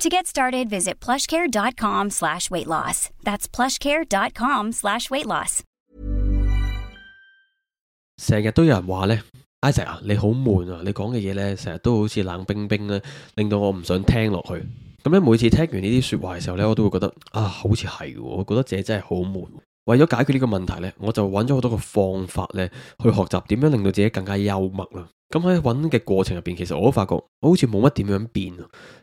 To get started，visit plushcare. dot com slash weight loss That。That's plushcare. dot com slash weight loss。成日都有人話呢 Isaac 啊，你好悶啊，你講嘅嘢呢，成日都好似冷冰冰啦，令到我唔想聽落去。咁咧每次聽完呢啲說話嘅時候呢，我都會覺得啊，好似係，我覺得自己真係好悶。為咗解決呢個問題呢，我就揾咗好多個方法呢，去學習點樣令到自己更加幽默啦。咁喺揾嘅過程入邊，其實我都發覺我好似冇乜點樣變。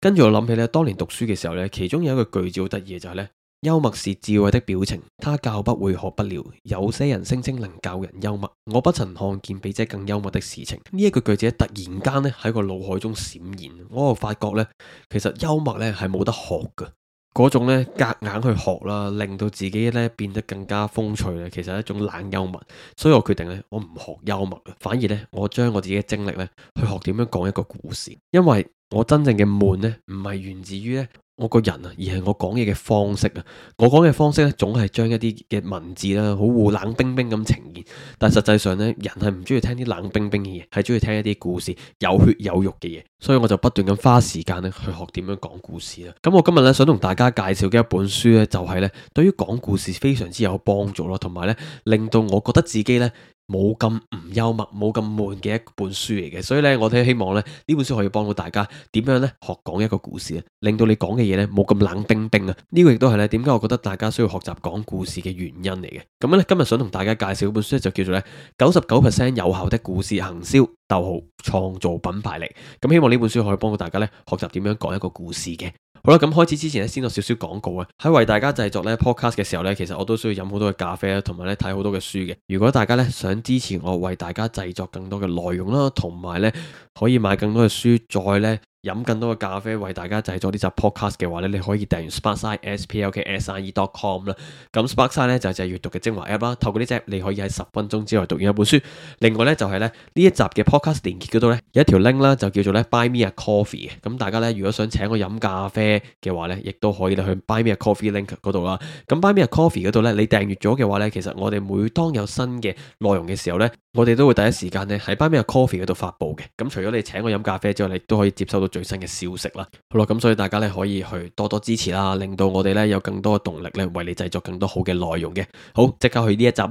跟住我諗起咧，當年讀書嘅時候咧，其中有一個句子好得意嘅就係、是、咧，幽默是智慧的表情，它教不會，學不了。有些人聲稱能教人幽默，我不曾看見比這更幽默的事情。呢一個句，句子突然間咧喺個腦海中閃現，我又發覺咧，其實幽默咧係冇得學噶。嗰種咧，夾硬去學啦，令到自己咧變得更加風趣咧，其實係一種懶幽默。所以我決定咧，我唔學幽默，反而咧，我將我自己嘅精力咧，去學點樣講一個故事。因為我真正嘅悶咧，唔係源自於咧。我個人啊，而係我講嘢嘅方式啊，我講嘅方式咧，總係將一啲嘅文字啦，好冷冰冰咁呈現。但係實際上呢，人係唔中意聽啲冷冰冰嘅嘢，係中意聽一啲故事有血有肉嘅嘢。所以我就不斷咁花時間咧去學點樣講故事啦。咁我今日咧想同大家介紹嘅一本書咧，就係咧對於講故事非常之有幫助咯，同埋咧令到我覺得自己咧。冇咁唔幽默，冇咁悶嘅一本書嚟嘅，所以咧，我哋希望咧呢本書可以幫到大家點樣咧學講一個故事咧，令到你講嘅嘢咧冇咁冷冰冰啊！呢個亦都係咧點解我覺得大家需要學習講故事嘅原因嚟嘅。咁咧，今日想同大家介紹本書就叫做咧九十九 percent 有效的故事行銷，逗號創造品牌力。咁希望呢本書可以幫到大家咧學習點樣講一個故事嘅。好啦，咁開始之前咧，先有少少廣告啊！喺為大家製作咧 Podcast 嘅時候咧，其實我都需要飲好多嘅咖啡啦，同埋咧睇好多嘅書嘅。如果大家咧想支持我為大家製作更多嘅內容啦，同埋咧可以買更多嘅書，再咧，飲更多嘅咖啡，為大家製作集呢集 podcast 嘅話咧，你可以訂完 Sparkside S P L K S I E dot com 啦。咁 Sparkside 咧就係隻閱讀嘅精華 app 啦。透過呢隻你可以喺十分鐘之內讀完一本書。另外咧就係、是、咧呢一集嘅 podcast 連結嗰度咧有一條 link 啦，就叫做咧 Buy Me a Coffee 嘅。咁大家咧如果想請我飲咖啡嘅話咧，亦都可以去 Buy Me a Coffee link 嗰度啦。咁 Buy Me a Coffee 嗰度咧，你訂閱咗嘅話咧，其實我哋每當有新嘅內容嘅時候咧。我哋都會第一時間咧喺班邊 coffee 嗰度發布嘅。咁除咗你請我飲咖啡之外，你都可以接收到最新嘅消息啦。好啦，咁所以大家咧可以去多多支持啦，令到我哋咧有更多嘅動力咧為你製作更多好嘅內容嘅。好，即刻去呢一集啊！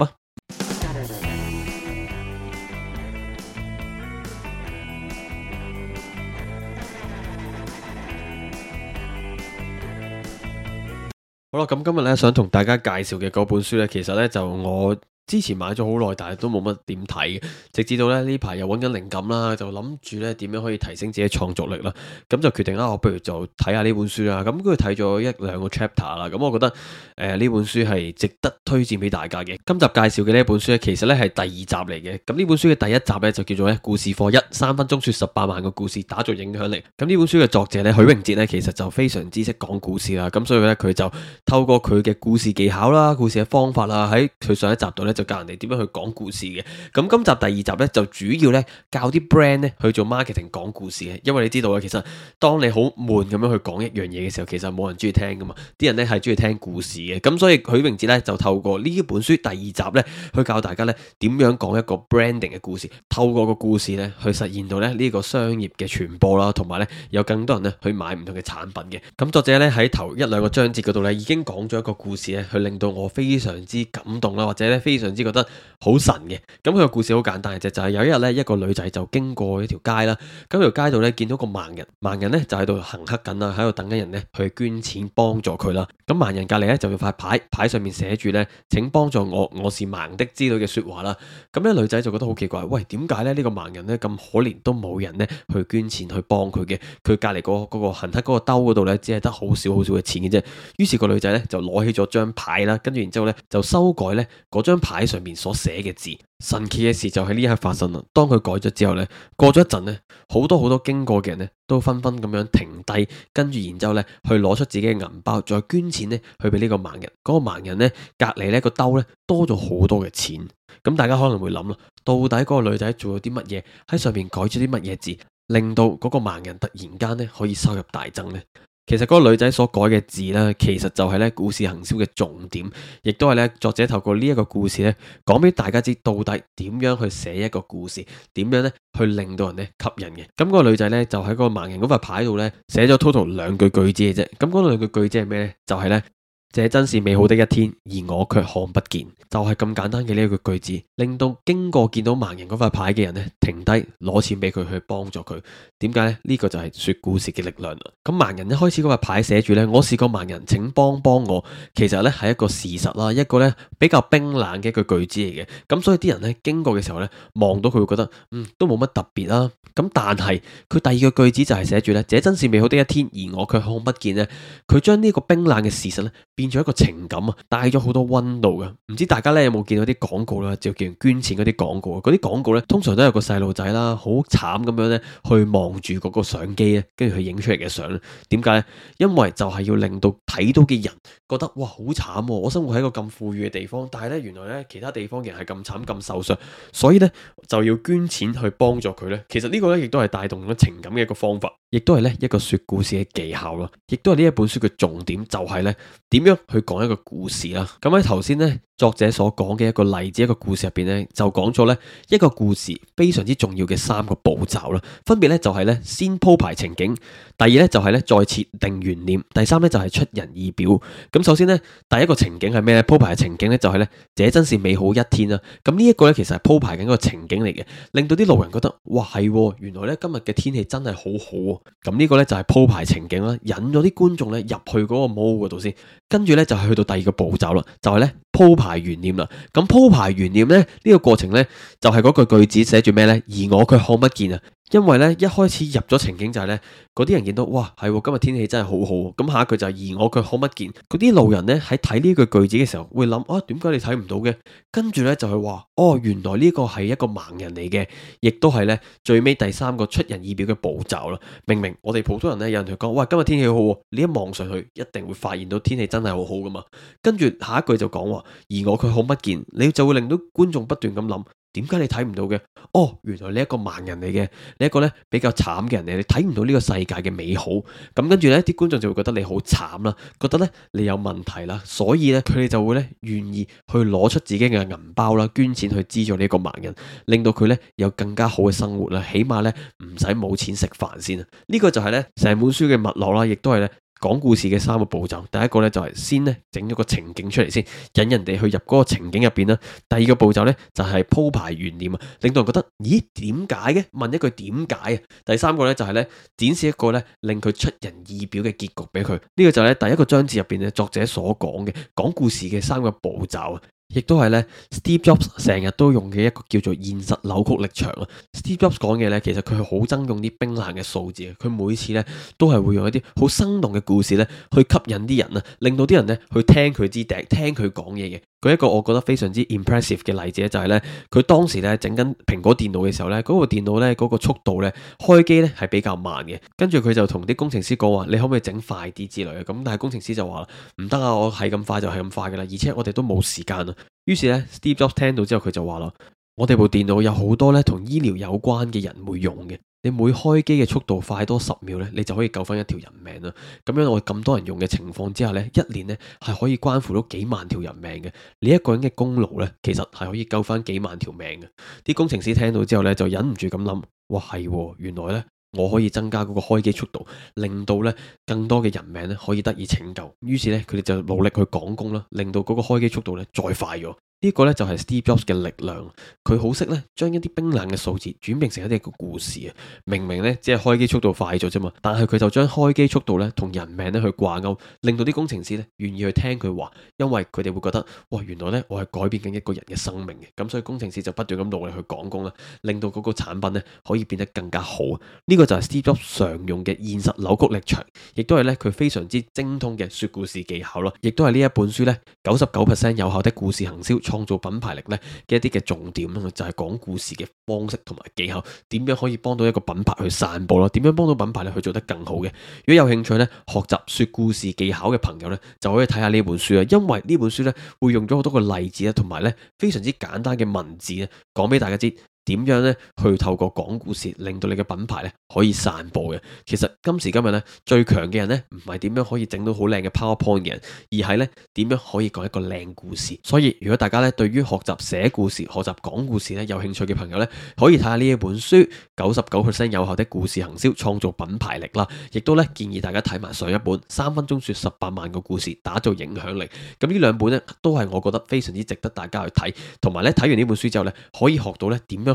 好啦，咁今日咧想同大家介紹嘅嗰本書咧，其實咧就我。之前買咗好耐，但係都冇乜點睇，直至到咧呢排又揾緊靈感啦，就諗住咧點樣可以提升自己創作力啦，咁就決定啦，我不如就睇下呢本書啦。咁佢睇咗一兩個 chapter 啦，咁我覺得誒呢、呃、本書係值得推薦俾大家嘅。今集介紹嘅呢本書咧，其實咧係第二集嚟嘅。咁呢本書嘅第一集呢，就叫做《咧故事課一：三分鐘説十八萬個故事，打造影響力》。咁呢本書嘅作者咧許榮哲呢，其實就非常之識講故事啦。咁所以咧佢就透過佢嘅故事技巧啦、故事嘅方法啦，喺佢上一集度咧。就教人哋點樣去講故事嘅，咁今集第二集呢，就主要呢教啲 brand 呢去做 marketing 講故事嘅，因為你知道啊，其實當你好悶咁樣去講一樣嘢嘅時候，其實冇人中意聽噶嘛，啲人呢係中意聽故事嘅，咁所以許榮哲呢，就透過呢本書第二集呢，去教大家呢點樣講一個 branding 嘅故事，透過個故事呢去實現到呢呢個商業嘅傳播啦，同埋呢有更多人呢去買唔同嘅產品嘅。咁作者呢喺頭一兩個章節嗰度呢已經講咗一個故事呢，去令到我非常之感動啦，或者呢非常。總之覺得好神嘅，咁佢個故事好簡單嘅，就就係有一日咧，一個女仔就經過一條街啦，咁條街度咧見到個盲人，盲人咧就喺度行乞緊啦，喺度等緊人咧去捐錢幫助佢啦。咁盲人隔籬咧就有塊牌，牌上面寫住咧，請幫助我，我是盲的之類嘅說話啦。咁咧女仔就覺得好奇怪，喂，點解咧呢個盲人咧咁可憐，都冇人咧去捐錢去幫佢嘅？佢隔籬嗰嗰個行乞嗰個兜嗰度咧，只係得好少好少嘅錢嘅啫。於是個女仔咧就攞起咗張牌啦，跟住然之後咧就修改咧嗰張牌。喺上面所寫嘅字，神奇嘅事就喺呢一刻發生啦。當佢改咗之後呢，過咗一陣呢，好多好多經過嘅人呢都紛紛咁樣停低，跟住然之後咧，去攞出自己嘅銀包，再捐錢呢，去俾呢個盲人。嗰個盲人呢，隔籬呢個兜呢多咗好多嘅錢。咁大家可能會諗啦，到底嗰個女仔做咗啲乜嘢，喺上面改咗啲乜嘢字，令到嗰個盲人突然間呢可以收入大增呢？其實嗰個女仔所改嘅字呢，其實就係呢故事行銷嘅重點，亦都係呢作者，透過呢一個故事呢，講俾大家知到底點樣去寫一個故事，點樣呢去令到人呢吸引嘅。咁、嗯、嗰、那個女仔呢，就喺嗰個盲人嗰塊牌度呢，寫咗 total 兩句句子嘅啫。咁、嗯、嗰、那個、兩句句子係咩呢？就係、是、呢。這真是美好的一天，而我卻看不見。就係、是、咁簡單嘅呢一句句子，令到經過見到盲人嗰塊牌嘅人呢，停低攞錢俾佢去幫助佢。點解呢？呢、這個就係說故事嘅力量啦。咁盲人一開始嗰塊牌寫住呢，我是個盲人，請幫幫我。其實呢係一個事實啦，一個呢比較冰冷嘅一句句、句子嚟嘅。咁所以啲人呢經過嘅時候呢，望到佢會覺得，嗯，都冇乜特別啦。咁但係佢第二個句、句、句子就係寫住呢，這真是美好的一天，而我卻看不見呢。佢將呢個冰冷嘅事實呢，變咗一個情感啊，帶咗好多溫度嘅。唔知大家咧有冇見到啲廣告啦，就叫捐錢嗰啲廣告。嗰啲廣告咧，通常都有個細路仔啦，好慘咁樣咧，去望住嗰個相機咧，跟住佢影出嚟嘅相咧。點解咧？因為就係要令到睇到嘅人覺得哇好慘啊！我生活喺一個咁富裕嘅地方，但係咧原來咧其他地方嘅人係咁慘咁受傷，所以咧就要捐錢去幫助佢咧。其實呢個咧亦都係帶動咗情感嘅一個方法，亦都係咧一個說故事嘅技巧咯。亦都係呢一本書嘅重點就呢，就係咧點去講一個故事啦，咁喺頭先咧。作者所講嘅一個例子，一個故事入邊咧，就講咗咧一個故事非常之重要嘅三個步驟啦，分別咧就係咧先鋪排情景，第二咧就係咧再設定懸念，第三咧就係出人意表。咁首先咧，第一個情景係咩咧？鋪排嘅情景咧就係咧，這真是美好一天啦。咁呢一個咧其實係鋪排緊個情景嚟嘅，令到啲路人覺得哇係，原來咧今日嘅天氣真係好好喎。咁、這、呢個咧就係鋪排情景啦，引咗啲觀眾咧入去嗰個毛嗰度先，跟住咧就係去到第二個步驟啦，就係咧鋪排。排懸念啦，咁鋪排懸念咧，呢個過程咧就係嗰句句子寫住咩咧？而我佢看不見啊。因為咧一開始入咗情景就係咧嗰啲人見到哇，係今日天氣真係好好，咁下一句就係而我佢好乜見，嗰啲路人咧喺睇呢句句子嘅時候會諗啊，點解你睇唔到嘅？跟住咧就係話哦，原來呢個係一個盲人嚟嘅，亦都係咧最尾第三個出人意表嘅步驟啦。明明我哋普通人咧有人就講哇，今日天氣好，你一望上去一定會發現到天氣真係好好噶嘛。跟住下一句就講話而我佢好乜見，你就會令到觀眾不斷咁諗。點解你睇唔到嘅？哦，原來你一個盲人嚟嘅，你一個咧比較慘嘅人嚟，你睇唔到呢個世界嘅美好。咁跟住呢啲觀眾就會覺得你好慘啦，覺得咧你有問題啦，所以咧佢哋就會咧願意去攞出自己嘅銀包啦，捐錢去資助呢個盲人，令到佢咧有更加好嘅生活啦，起碼咧唔使冇錢食飯先啊。呢個就係咧成本書嘅脈絡啦，亦都係咧。講故事嘅三個步驟，第一個呢就係先呢整咗個情景出嚟先，引人哋去入嗰個情景入邊啦。第二個步驟呢就係鋪排懸念啊，令到人覺得咦點解嘅？問一句點解啊？第三個呢就係呢，展示一個呢令佢出人意表嘅結局俾佢。呢、這個就係第一個章節入邊呢作者所講嘅講故事嘅三個步驟。亦都係咧，Steve Jobs 成日都用嘅一個叫做現實扭曲力場啊！Steve Jobs 講嘢咧，其實佢係好憎用啲冰冷嘅數字，佢每次咧都係會用一啲好生動嘅故事咧去吸引啲人啊，令到啲人咧去聽佢支笛，聽佢講嘢嘅。舉一個我覺得非常之 impressive 嘅例子咧，就係咧，佢當時咧整緊蘋果電腦嘅時候咧，嗰個電腦咧嗰個速度咧，開機咧係比較慢嘅，跟住佢就同啲工程師講話，你可唔可以整快啲之類嘅，咁但係工程師就話啦，唔得啊，我係咁快就係咁快嘅啦，而且我哋都冇時間啊，於是咧，Steve Jobs 聽到之後佢就話啦。我哋部電腦有好多咧，同醫療有關嘅人會用嘅。你每開機嘅速度快多十秒咧，你就可以救翻一條人命啦。咁樣我咁多人用嘅情況之下咧，一年咧係可以關乎到幾萬條人命嘅。你一個人嘅功勞咧，其實係可以救翻幾萬條命嘅。啲工程師聽到之後咧，就忍唔住咁諗：哇，係啊，原來咧我可以增加嗰個開機速度，令到咧更多嘅人命咧可以得以拯救。於是咧，佢哋就努力去趕工啦，令到嗰個開機速度咧再快咗。呢個呢就係 Steve Jobs 嘅力量，佢好識呢將一啲冰冷嘅數字轉變成一個故事啊！明明呢只係開機速度快咗啫嘛，但係佢就將開機速度呢同人命呢去掛鈎，令到啲工程師呢願意去聽佢話，因為佢哋會覺得，哇，原來呢我係改變緊一個人嘅生命嘅，咁所以工程師就不斷咁努力去講工啦，令到嗰個產品呢可以變得更加好。呢個就係 Steve Jobs 常用嘅現實扭曲力場，亦都係呢佢非常之精通嘅說故事技巧咯，亦都係呢一本書呢，九十九 percent 有效的故事行銷。創造品牌力咧嘅一啲嘅重點啊，就係講故事嘅方式同埋技巧，點樣可以幫到一個品牌去散佈咯？點樣幫到品牌咧去做得更好嘅？如果有興趣咧學習説故事技巧嘅朋友咧，就可以睇下呢本書啊，因為呢本書咧會用咗好多個例子啊，同埋咧非常之簡單嘅文字啊，講俾大家知。點樣咧去透過講故事，令到你嘅品牌咧可以散播嘅？其實今時今日咧，最強嘅人咧，唔係點樣可以整到好靚嘅 PowerPoint 嘅人，而係咧點樣可以講一個靚故事。所以如果大家咧對於學習寫故事、學習講故事咧有興趣嘅朋友咧，可以睇下呢一本書《九十九 percent 有效的故事行銷：創造品牌力》啦。亦都咧建議大家睇埋上一本《三分鐘說十八萬個故事：打造影響力》。咁呢兩本咧都係我覺得非常之值得大家去睇，同埋咧睇完呢本書之後咧可以學到咧點樣。